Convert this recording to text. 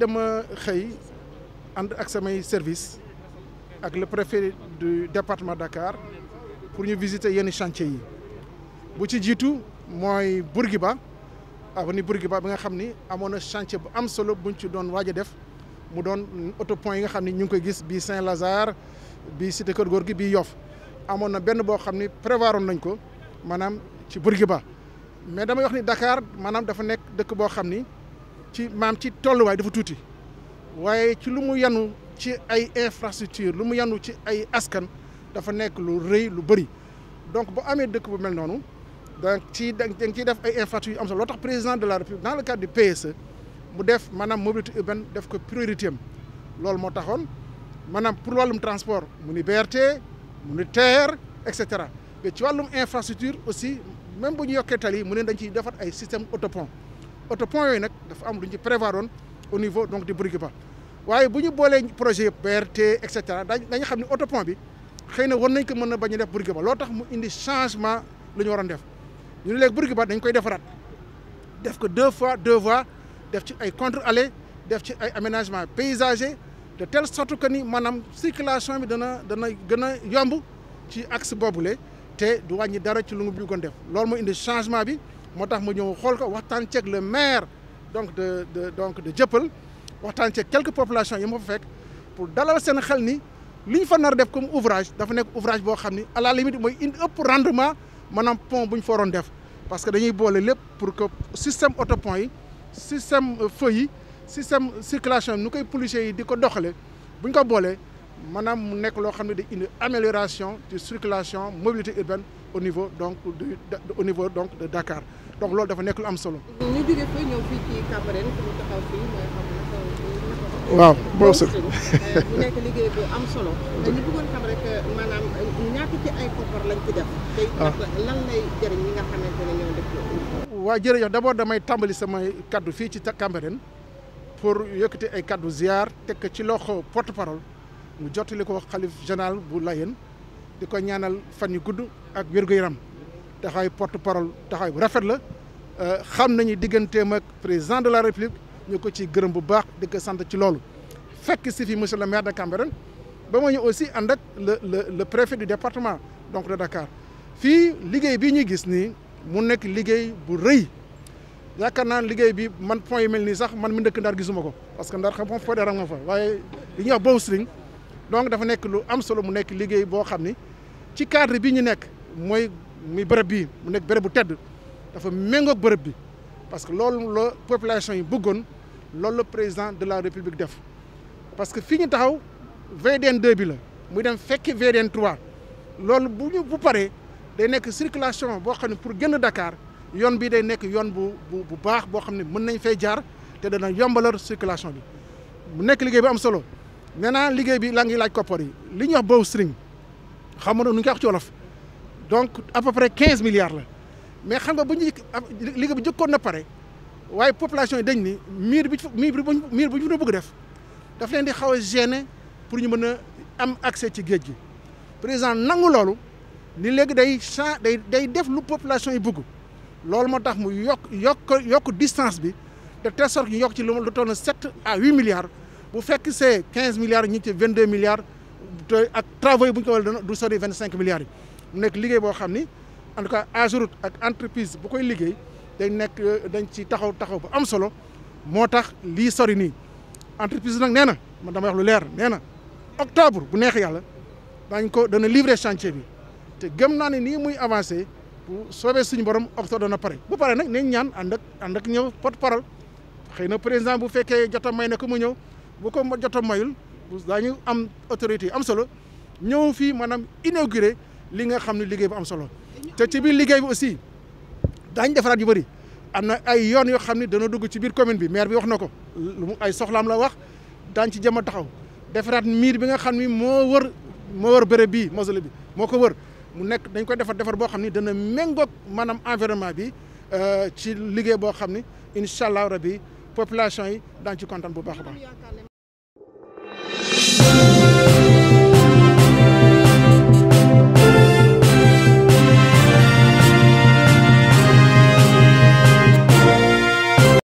dama xëy ànd ak samay service ak le préfet du département Dakar pour ñu visiter yenn chantier yi bu ci jiitu mooy ba Bourguiba avenue ba ba nga xam ni amoon na chantier bu am solo bu buñ ci doon waaj a def mu doon auto pont yi nga xam ni ñu ngi koy gis bii Saint-Lazare bii Cité Keur gi bi Yoff amoon na benn boo xam ni prévoiroon nañ ko maanaam ci ba mais damay wax ni Dakar maanaam dafa nekk dëkk boo xam ni ci maam ci tolluwaay dafa tuuti waaye ci lu mu yanu ci ay infrastructure lu mu yanu ci ay askan dafa nekk lu rëy lu bëri donc boo amee dëkk bu mel noonu donc ci da nga ciy def ay infrastructure yu am solo loo tax président de la république dans le cadre du PSE mu def maanaam mobilité urbaine def ko priorité loolu moo taxoon maanaam pour wàllum transport mu ni BRT mu ni TER et cetera ci wàllum infrastructure aussi même bu ñu yokkee tali mu ne dañ ciy defat ay système autopont oto pont yooyu nag dafa am lu ñu prévoir woon au niveau donc de Bourguiba waaye bu ñu boolee projet yëpp BRT et cetera dañ dañu xam ne oto pont bi xëy na war nañ ko mën a bañ a def Bourguiba loo tax mu indi changement lu ñu waroon def ñu ne léegi Bourguiba dañ koy defaraat def ko deux fois deux voies def ci ay contre allées def ci ay aménagement paysager de telle sorte que ni maanaam circulation bi dana dana gën a yomb ci axe boobule te du wàññi dara ci lu mu bëggoon def loolu moo indi changement bi moo tax ma ñëw xool ko waxtaan ceeg le maire donc de donc de Dieuppeul waxtaan ceeg quelques populations yi ma fa fekk pour dalal seen xel ni li ñu fa nar def comme ouvrage dafa nekk ouvrage boo xam ni à la mooy indi ëpp rendement maanaam pont bu ñu fa def parce que dañuy boole lépp pour que système autopont yi système feu yi système circulation yi nu koy policiers yi di ko doxale bu ñu ko boolee maanaam mu nekk loo xam ne di indi amélioration de circulation mobilité urbaine au niveau donc de au niveau donc de Dakar donc loolu dafa nekk lu am solo. waaw boo sëg bu nekk liggéey bu am solo. ñu bëggoon xam rek euh, euh, ah. damay tàmbali samay kaddu fii ci Cambérène pour yëkkati ay kaddu ziar teg ci loxo porte parole. mu jottali ko xalif général bu Layeen di ko ñaanal fan yu gudd ak wér-gu-yaram taxawaay porte parole taxawaay bu rafet la euh, xam nañu digganteem ak président de la république ñu ko ci gërëm bu baax di sant ci loolu. fekk si fi monsieur le maire de Cambérène ba ma ñu aussi ànd ak le le le préfet du département donc de Dakar fii liggéey bii ñu gis ni mu nekk liggéey bu rëy. yaakaar naa liggéey bi man point yu mel nii sax man mi ndëkk Ndar gisuma ko parce que Ndar xam nga foo dee waaye li ñuy wax donc dafa nekk lu am solo mu nekk liggéey boo xam ni ci cadre bi ñu nekk mooy muy bërëb bi mu nekk bërëb bu tedd dafa méngoog bërëb bi parce que loolu la population yi buggoon loolu la président de la république def parce que fii ñu taxaw VDN 2 bi la muy dem fekki VDN 3 loolu bu ñu bu paree day nekk circulation boo xam ne pour génn dakaar yoon bi day nekk yoon bu bu baax boo xam ne mën nañ fay jaar te dana yombalar circulation bi mu nekk liggéey bu am solo. nee naa liggéey bi la ngi laaj koppar yi li ñuy wax bowstring xam nga nu ñu koy wax donc à peu près quinze milliards la mais xam nga bu ñu liggéey bi jëkkoon na pare waaye population yi dañ ni miir bi miir bi miir bu ñu na bëgg def daf leen di xaw a gêner pour ñu mën a am accès ci géej gi président nangu loolu ni léegi day chan day day def lu population yi bëgg loolu moo tax mu yokk yokk yokk distance bi de telle sorte ñu yokk ci lu toll na sept à huit milliards bu fekk c'est quinze milliards ñu ci vingt deux milliards ak travaux bu ñu ko wala du sori vingt cinq milliards yi mu nekk liggéey boo xam ni en tout cas Ageroute ak entreprise bu koy liggéey dañ nekk dañ ci taxaw taxaw bu am solo moo tax lii sori nii entreprise nag nee na man dama wax lu leer nee na octobre bu neex yàlla dañ ko dana livrer chantier bi te gëm naa ne nii muy avancé bu soobee suñu borom octobre dana pare bu pare nag nañ ñaan ànd ak ànd ak ñëw porte parole xëy na président bu fekkee jotam may na ko mu ñëw boo ko jota mayul daañu am autorité yu am solo ñëw fii maanaam inauguré li nga xam ne liggéey bu am solo te ci biir liggéey bi aussi dañ defaraat yu bëri am na ay yoon yoo xam ne dana dugg ci biir commune bi maire bi wax na ko lu ay soxlaam la wax daañ ci jëm a taxaw defaraat miir bi nga xam ni moo wër moo wër bërëb bii mausolée bi moo ko wër mu nekk dañ koy defar defar boo xam ni dana méngoog maanaam environnement bi euh, ci liggéey boo xam ni incha allah rabi population yi daañu ci Thank you.